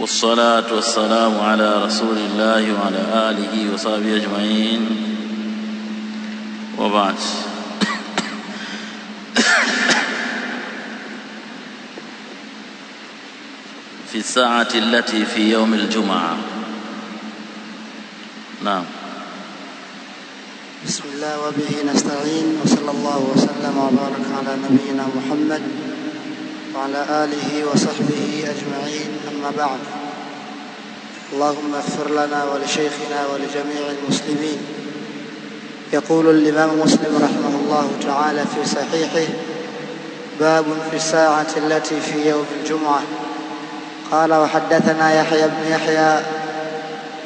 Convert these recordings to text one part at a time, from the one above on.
والصلاة والسلام على رسول الله وعلى آله وصحبه أجمعين وبعد في الساعة التي في يوم الجمعة نعم بسم الله وبه نستعين وصلى الله وسلم وبارك على نبينا محمد وعلى آله وصحبه أجمعين أما بعد اللهم اغفر لنا ولشيخنا ولجميع المسلمين يقول الإمام مسلم رحمه الله تعالى في صحيحه باب في الساعة التي في يوم الجمعة قال وحدثنا يحيى بن يحيى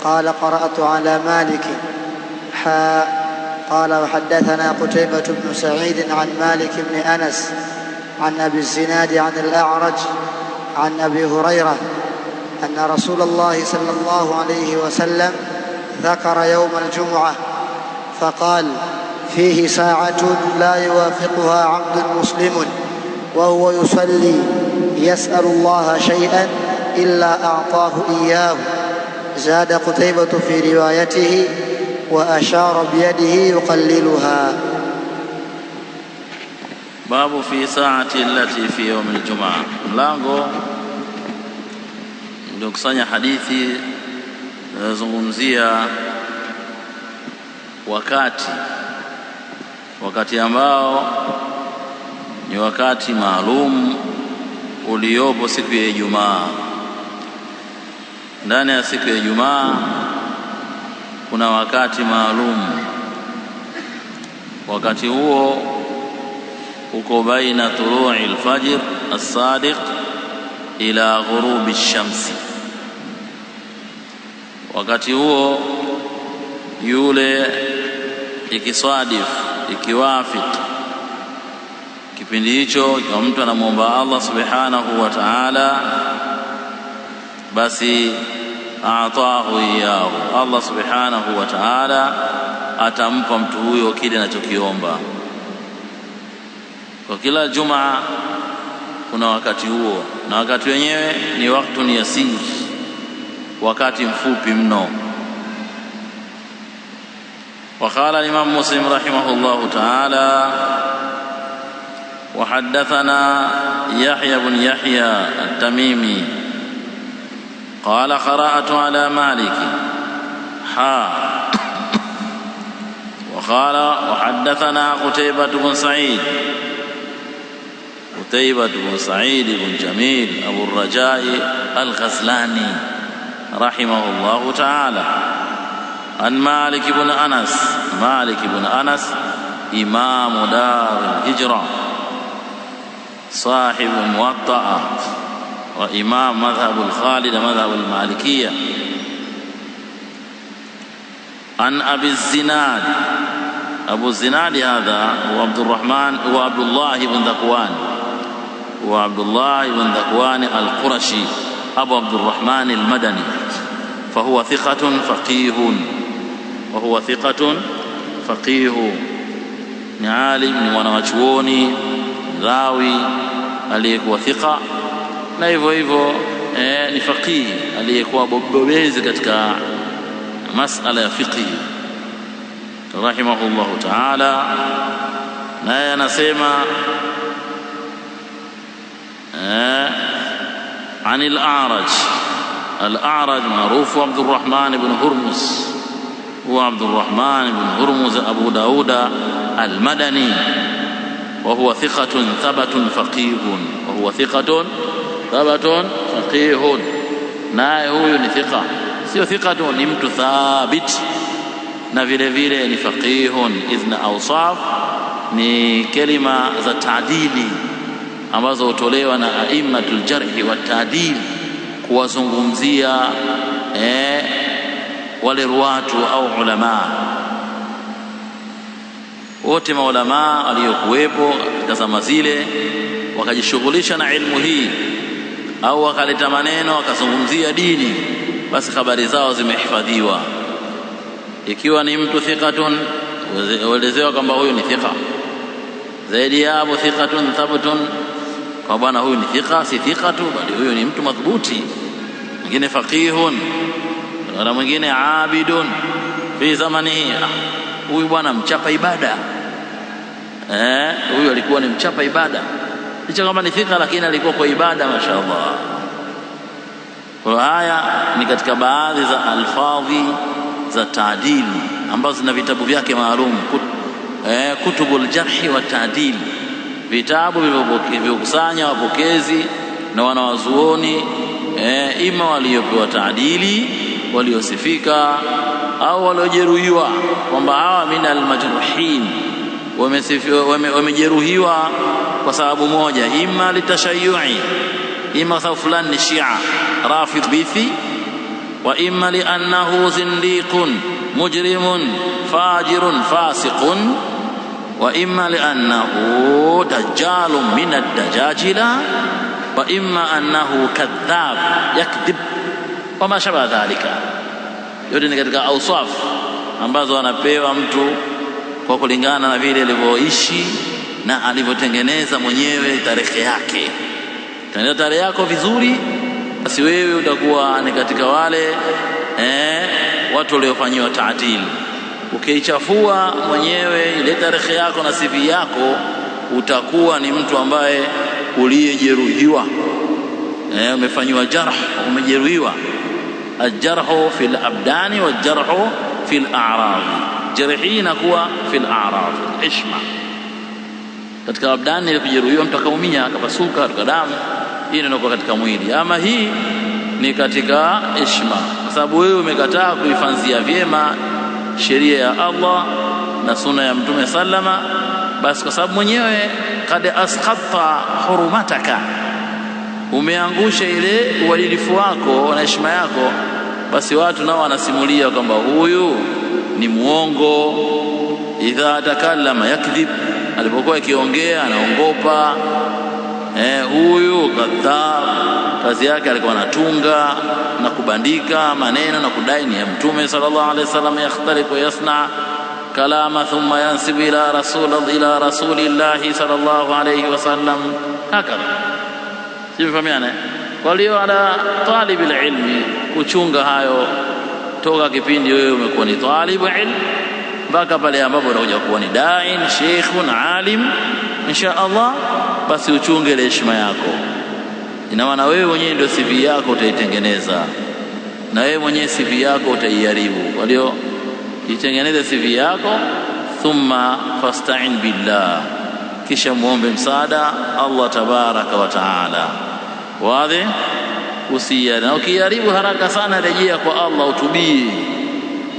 قال قرأت على مالك قال وحدثنا قتيبة بن سعيد عن مالك بن أنس عن أبي الزناد عن الأعرج عن أبي هريرة أن رسول الله صلى الله عليه وسلم ذكر يوم الجمعة فقال فيه ساعة لا يوافقها عبد مسلم وهو يصلي يسأل الله شيئا إلا أعطاه إياه زاد قتيبة في روايته وأشار بيده يقللها Babu fi saati lati fi yaumi ljumaa, mlango uliokusanya hadithi zinazozungumzia wakati, wakati ambao ni wakati maalum uliopo siku ya Ijumaa. Ndani ya siku ya Ijumaa kuna wakati maalum, wakati huo uko baina tului lfajr assadiq ila ghurubi lshamsi Wakati huo yule ikiswadif ikiwafit kipindi hicho, kwa mtu anamwomba Allah subhanahu wa ta'ala, basi atahu iyahu, Allah subhanahu wa ta'ala atampa mtu huyo kile anachokiomba. Kwa kila juma kuna wakati huo, na wakati wenyewe ni ni yasir, wakati mfupi mno. وقال الإمام مسلم رحمه الله تعالى وحدثنا يحيى بن يحيى التميمي قال قرأت على مالك حا وقال وحدثنا قتيبة بن سعيد قتيبة بن سعيد بن جميل أبو الرجاء الغزلاني رحمه الله تعالى عن مالك بن أنس مالك بن أنس إمام دار الهجرة صاحب موطأ وإمام مذهب الخالد مذهب المالكية عن أبي الزناد أبو الزناد هذا هو عبد الرحمن هو عبد الله بن ذكوان وعبد الله بن ذكوان القرشي أبو عبد الرحمن المدني فهو ثقة فقيه وهو ثقة فقيه نعالي من ونمشووني راوي عليك وثقة نايفو إيفو إيه نفقيه يعني عليك وبوبيز كتكا مسألة فقيه رحمه الله تعالى نايا نسيما عن الأعرج الأعرج معروف عبد الرحمن بن هرمز هو عبد الرحمن بن هرمز أبو داود المدني وهو ثقة ثبت فقيه وهو ثقة ثبت فقيه naye ثقة ثقة thika sio thika tu ni mtu thabit na vile vile ni kelima za taadili ambazo hutolewa na aimmatul jarhi wa ta'dil kuwazungumzia eh, wale ruwatu au ulamaa wote, maulamaa waliokuwepo katika zama zile wakajishughulisha na ilmu hii au wakaleta maneno wakazungumzia dini, basi habari zao zimehifadhiwa. Ikiwa ni mtu thiqatun, uelezewa kwamba huyu ni thiqa. Zaidi ya abu thiqatun thabtun kwa bwana huyu ni thika, si thika tu, bali huyu ni mtu madhubuti. Mwingine faqihun, na mwingine abidun fi zamanihi. Ah, huyu bwana mchapa ibada eh, huyu alikuwa ni mchapa ibada, licha kama ni thika, lakini alikuwa kwa ibada, mashaallah. Kwa haya ni katika baadhi za alfadhi za taadili ambazo zina vitabu vyake maalum, eh, kutubul jarhi wa taadili vitabu vilivyokusanya wapokezi na wanawazuoni eh, ima waliopewa taadili waliosifika au waliojeruhiwa, kwamba hawa min almajruhin wamejeruhiwa wame, kwa sababu moja, ima litashayui, ima sababu fulani ni Shia rafidh bithi wa ima liannahu zindiqun mujrimun fajirun fasiqun wa imma liannahu dajjalun min ad-dajajila wa imma annahu kadhab yakdhib wa ma shabaha dhalika. Yote ni katika auswaf ambazo anapewa mtu kwa kulingana na vile alivyoishi na alivyotengeneza mwenyewe tarehe yake. Tengeneza tarehe yako vizuri, basi wewe utakuwa ni katika wale eh, watu waliofanyiwa taatili. Ukiichafua mwenyewe ile tarehe yako na CV yako, utakuwa ni mtu ambaye uliyejeruhiwa, eh, umefanyiwa jarh, umejeruhiwa. Aljarhu fi labdani waljarhu fi laradi, jerehi inakuwa fi a'rad, ishma katika abdani ile kujeruhiwa, mtu akaumia akapasuka katika damu, hii inakuwa katika mwili. Ama hii ni katika ishma, kwa sababu wewe umekataa kuifanzia vyema sheria ya Allah na sunna ya Mtume sallama, basi kwa sababu mwenyewe kad asqatta hurumataka, umeangusha ile uadilifu wako na heshima yako, basi watu nao wanasimulia kwamba huyu ni muongo. Idha takallama yakdhib, alipokuwa akiongea anaongopa. Eh, huyu kadhab kazi yake alikuwa anatunga na kubandika maneno na kudai ni ya Mtume sallallahu alaihi wasallam, yakhtaliqu yasna kalama thumma yansibu ila rasul ila rasulillahi sallallahu alaihi wasallam, hakadha. Simfahamiane walio ala talibi ilmi kuchunga hayo toka kipindi wewe umekuwa ni talibu ilm mpaka pale ambapo unakuja kuwa ni dain sheikhun alim, insha Allah, basi uchunge ile heshima yako. Ina maana wewe mwenyewe ndio CV yako utaitengeneza, na wewe mwenyewe CV yako utaiharibu. Kwa hiyo itengeneze CV yako, thumma fastain billah, kisha muombe msaada Allah tabaraka wa taala. Wadhi usia na ukiharibu haraka sana, rejea kwa Allah, utubie,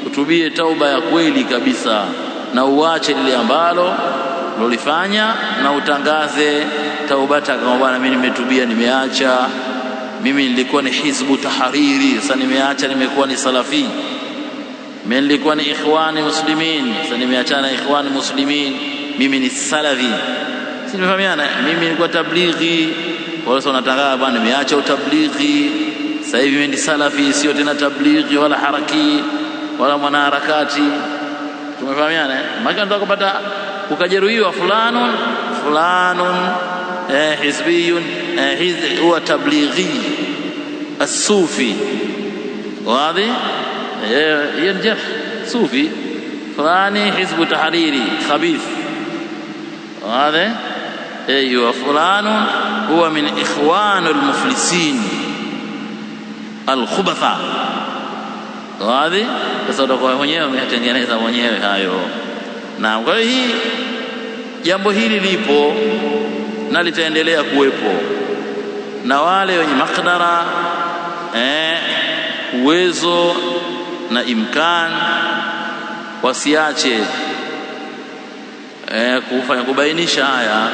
utubie tauba ya kweli kabisa, na uache lile ambalo ulolifanya na utangaze taubata, kama bwana, mimi nimetubia, nimeacha. Mimi nilikuwa ni hizbu tahariri, sasa nimeacha, nimekuwa ni salafi. Mimi nilikuwa ni ikhwani muslimin, sasa nimeachana ikhwani muslimin, mimi ni salafi. Si nimefahamiana? Mimi nilikuwa tablighi, wao sasa wanatangaza bwana, nimeacha utablighi, sasa hivi mimi ni salafi, sio tena tablighi wala haraki wala mwanaharakati. Tumefahamiana? Eh? Maana ndio kupata ukajeruhiwa fulanun fulanun eh, hizbiyun eh, huwa tablighi as-sufi wadhi eh, hiyo ni sufi fulani hizbu tahariri khabith wadhi aywa eh, fulanu huwa min ikhwan al-muflisin wadhi sasa utakuwa mwenyewe umeyatengeneza mwenyewe hayo na kwa hii jambo hili lipo na litaendelea kuwepo, na wale wenye makdara eh, uwezo na imkan wasiache eh, kufanya kubainisha haya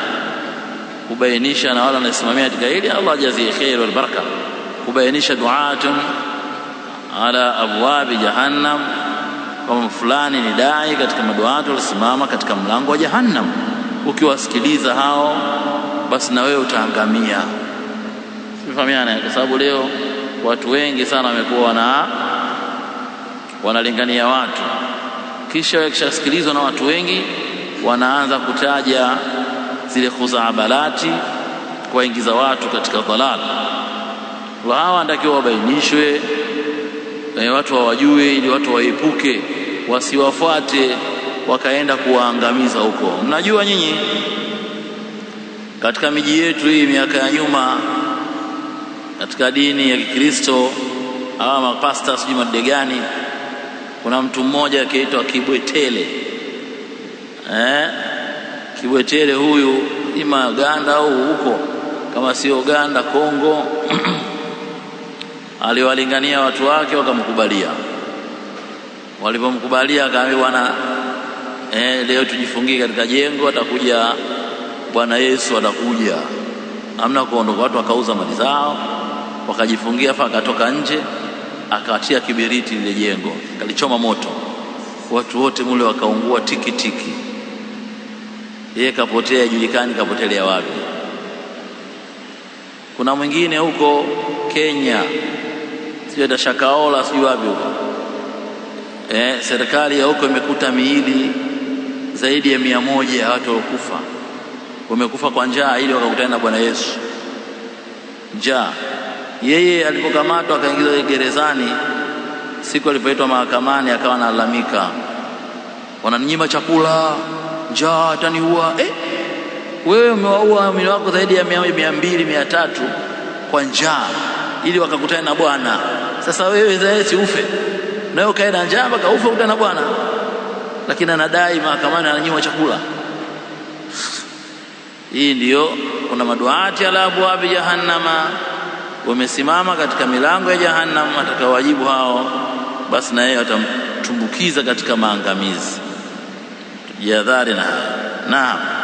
kubainisha, na wale wanasimamia katika hili, Allah ajazie kheri wal baraka, kubainisha duatun ala abwabi jahannam, kama fulani ni dai katika maduatu walisimama katika mlango wa jahannam. Ukiwasikiliza hao basi na wewe utaangamia. Sifahamiana, kwa sababu leo watu wengi sana wamekuwa wana wanalingania watu, kisha wakishasikilizwa na watu wengi wanaanza kutaja zile khuzaabalati kuwaingiza watu katika dhalal. Wa hawa wanatakiwa wabainishwe, watu wawajue ili watu waepuke, wasiwafuate wakaenda kuwaangamiza huko. Mnajua nyinyi katika miji yetu hii miaka ya nyuma, katika dini ya Kikristo hawa mapasta sijui madini gani, kuna mtu mmoja akiitwa Kibwetele eh? Kibwetele huyu ima Uganda au huko kama sio Uganda, Kongo aliwalingania watu wake wakamkubalia. Walipomkubalia akaambia bwana, eh, leo tujifungie katika jengo, atakuja Bwana Yesu anakuja, amna kuondoka. Watu wakauza mali zao wakajifungia fa, akatoka nje akatia kibiriti lile jengo, kalichoma moto, watu wote mule wakaungua tikitiki. Yeye kapotea, ijulikani kapotelea wapi. Kuna mwingine huko Kenya, sio Shakaola, sio wapi huko eh, serikali ya huko imekuta miili zaidi ya mia moja ya watu waliokufa wamekufa kwa njaa, ili wakakutana na Bwana Yesu njaa. Yeye alipokamatwa akaingizwa gerezani, siku alipoitwa mahakamani akawa analalamika, wananinyima chakula, njaa ataniua. Eh, wewe umewaua waumini wako zaidi ya mia mbili mia tatu kwa njaa, ili wakakutana na Bwana. Sasa wewe zae si ufe nawe ukae na njaa mpaka ufe kutana na Bwana, lakini anadai mahakamani ananyimwa chakula. Hii ndiyo kuna maduati ala abwabi jahannama, wamesimama katika milango ya jahannam. Atakawajibu hao basi na yeye watamtumbukiza katika maangamizi. Tujihadhari na hayo. Naam.